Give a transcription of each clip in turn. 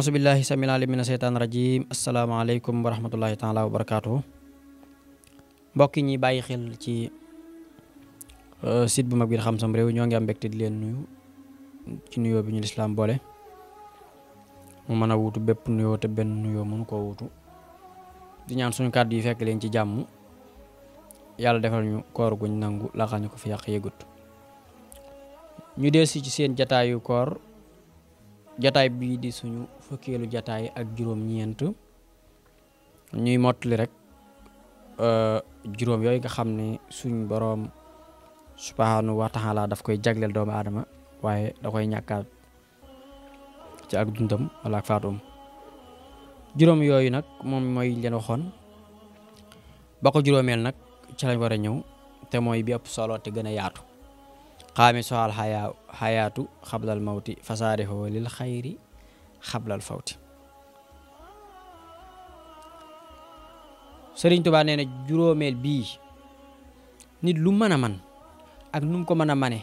A'udzubillahi samil alim minasyaitan rajim warahmatullahi taala wabarakatuh Mbok ñi bàyyi xel ci euh, site bu mag bi Xam Sam rew ñoo ngi am mbégte di leen nuyu ci nuyo bi ñu l'islam bolé. mu mëna wutu bép nuyo té ben nuyo mënu ko wutu. di ñaan suñu kaddu yi fekk leen ci jamm. Yalla defal ñu koor guñ nangu la ñu ko fi yaq yegut. ñu ci seen koor jataay bii di suñu fukkeelu jataay ak juróom-ñeent ñuy mottali rek euh, juróom yooyu nga xam ni suñ boroom subhaanahu wa daf koy jagleel doomu aadama waaye da koy ñàkkaat ci ak dundam wala ak faatuum juróom yooyu nag moom mooy leen waxoon ba ko juróomeel nag ci lañ war a ñëw te mooy bi ëpp solo te gën a yaatu xaamisu alxayaa xayaatu xablal mawti fasaarihoo lil xayri xablal fawti sëriñ tubaa nee na juróomeel bii nit lu mën a man ak nu mu ko mën a mane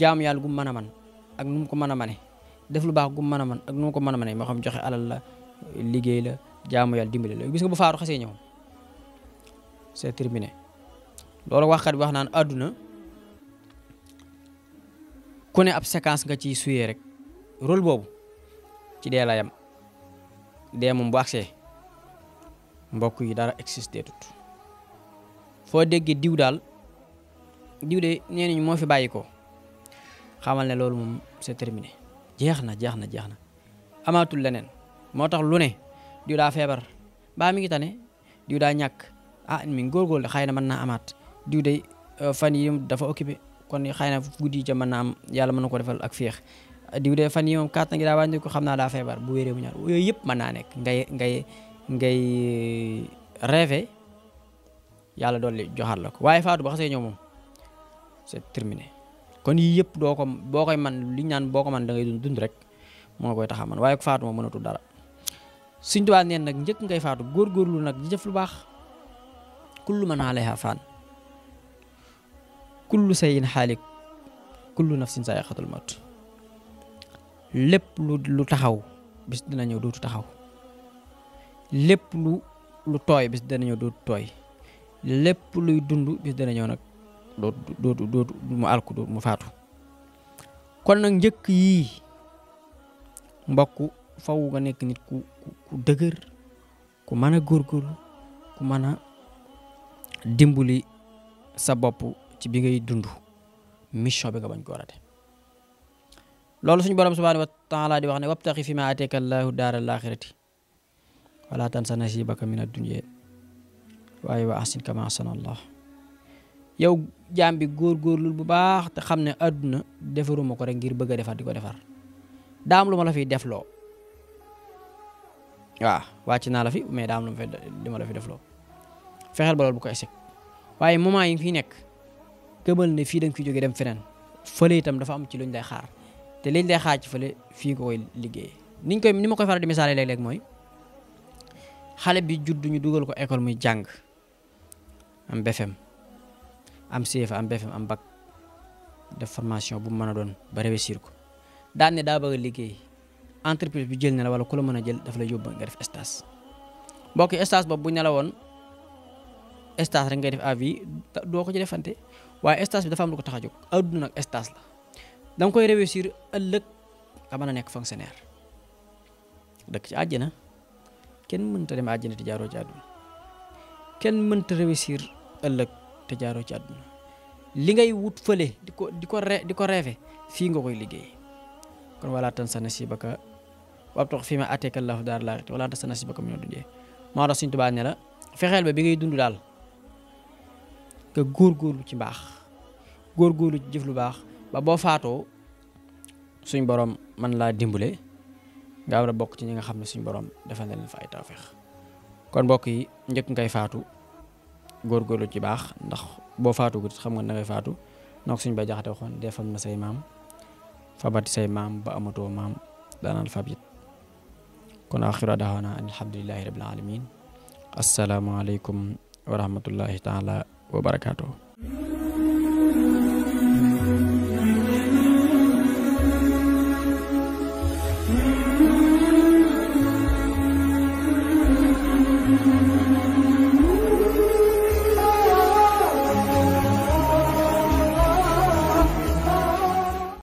jaamu yàlla gum mën a man ak nu mu ko mën a mane def lu baax gum mën a man ak nu ko mën a mane moo xam joxe alal la liggéey la jaamu yàlla dimbali la gis bu faaru xasee ñëw c'est terminé loolu waxkat bi wax naan àdduna ku ne ab séquence nga ci suyé rek rôle bobu ci dee la yam dé mum bu agsee mbokk yi dara existé tout fo déggé diw dal diw dé nee mo fi bayiko xamal né loolu mum c'est terminé jeexna jeexna jeexna na lenen motax lu né diw da fébar ba mi ngi tané diw da ñak ah mi gol xayna man na amat diw dé euh, fan yi dafa occuper kon xëy na guddi ja mën na am yàlla mën ko defal ak fiix diw de fan yi moom kàttan da daa ko xamna da febar bu wéré mu ñaar yoy yep man na nek ngay ngay ngay eh, rêvé yalla doli joxal lako waye fatou ba xasse ñom moom c'est terminé kon yi yep do ko bokay man li ñaan boko man da ngay dund rek mo koy tax a man waye ko mo moom mënatul dara seigne touba neen nak ñeek ngay gor gor lu nak jëf lu bax kullu man alayha fan kullu sayin xaalik kullu nafsin zaa'iqatul mawt lépp lu lu taxaw bis dina ñëw dootu taxaw lépp lu lu tooy bis dana ñëw dootu tooy lépp luy dund bis dana ñëw nag dootu mu alku mu faatu kon nag njëkk yii mbokk faw nga nekk nit ku dëgër ku mën a góorgóorlu ku mën a dimbali sa bopp ci bi ngay dund mission bi nga bañ koo loolu suñ borom subhaanahu wa taala di wax ne wabtaxi fi ma ateeka allaahu daara al axirati wala tansa nasibaka min addunya waaye wa ahsin kama ahsana allah yow jaam bi góorgóorlul bu baax te xam ne àdduna defaruma ko rek ngir bëgg a defar di ko defar daam lu ma la fiy defloo waaw wàcc naa la fi mais daam lu ma la fi defloo fexeel ba loolu bu ko esek waaye moment yi fi nekk gëmal ne fii da koy fi jógee dem feneen fële itam dafa am ci ñu lay xaar te liñ lay xaar ci fële fii nga koy liggéey niñ koy ni ma koy faral di misaale léeg-léeg mooy xale bi judd ñu dugal ko école muy jàng am am CFA am BFEM am bac def formation bu mu mën a doon ba réussir ko daane ne daa bëgg liggéey entreprise bi jël na la wala ku la mën a jël dafa la yóbbu nga def stage mbokk stage boobu bu ñu ne woon stage rek nga def à vie doo ko ci defante. waaye stage bi dafa am lu ko tax a jóg adduna nag stage la danga koy réussir ëllëg nga mën a nekk fonctionnaire dëkk ci àjjana kenn mënta dem àjjana te jaaroo ci àdduna kenn mënta réussir ëllëg te jaaroo ci àdduna li ngay wut fële di ko di ko di ko reefe fii nga koy liggéey kon wala tan sa nasibaka wabtaghi fiimaa aataaka Allaahu daar-l-aaxirata wala tansa nasiibaka minad-dunya maa tax Sëñ Tuubaa ne la fexeel ba bi ngay dund daal nga góorgóorlu ci mbaax góorgóorlu ci jëf lu baax ba boo faatoo suñ boroom man laa dimbale nga war a bokk ci ñi nga xam ne suñ borom defa na leen fa ay tawféex kon mbokk yi njëkk ngay faatu góorgóorlu ci baax ndax boo faatu gut xam nga na faatu noo suñ ba jaxate waxoon defal na say maam fabat say maam ba amatoo maam daanal fab it kon axiru daawana alhamdulilahi rabbil alamin asalaamaaleykum wa rahmatullahi taala wa barakaatuhu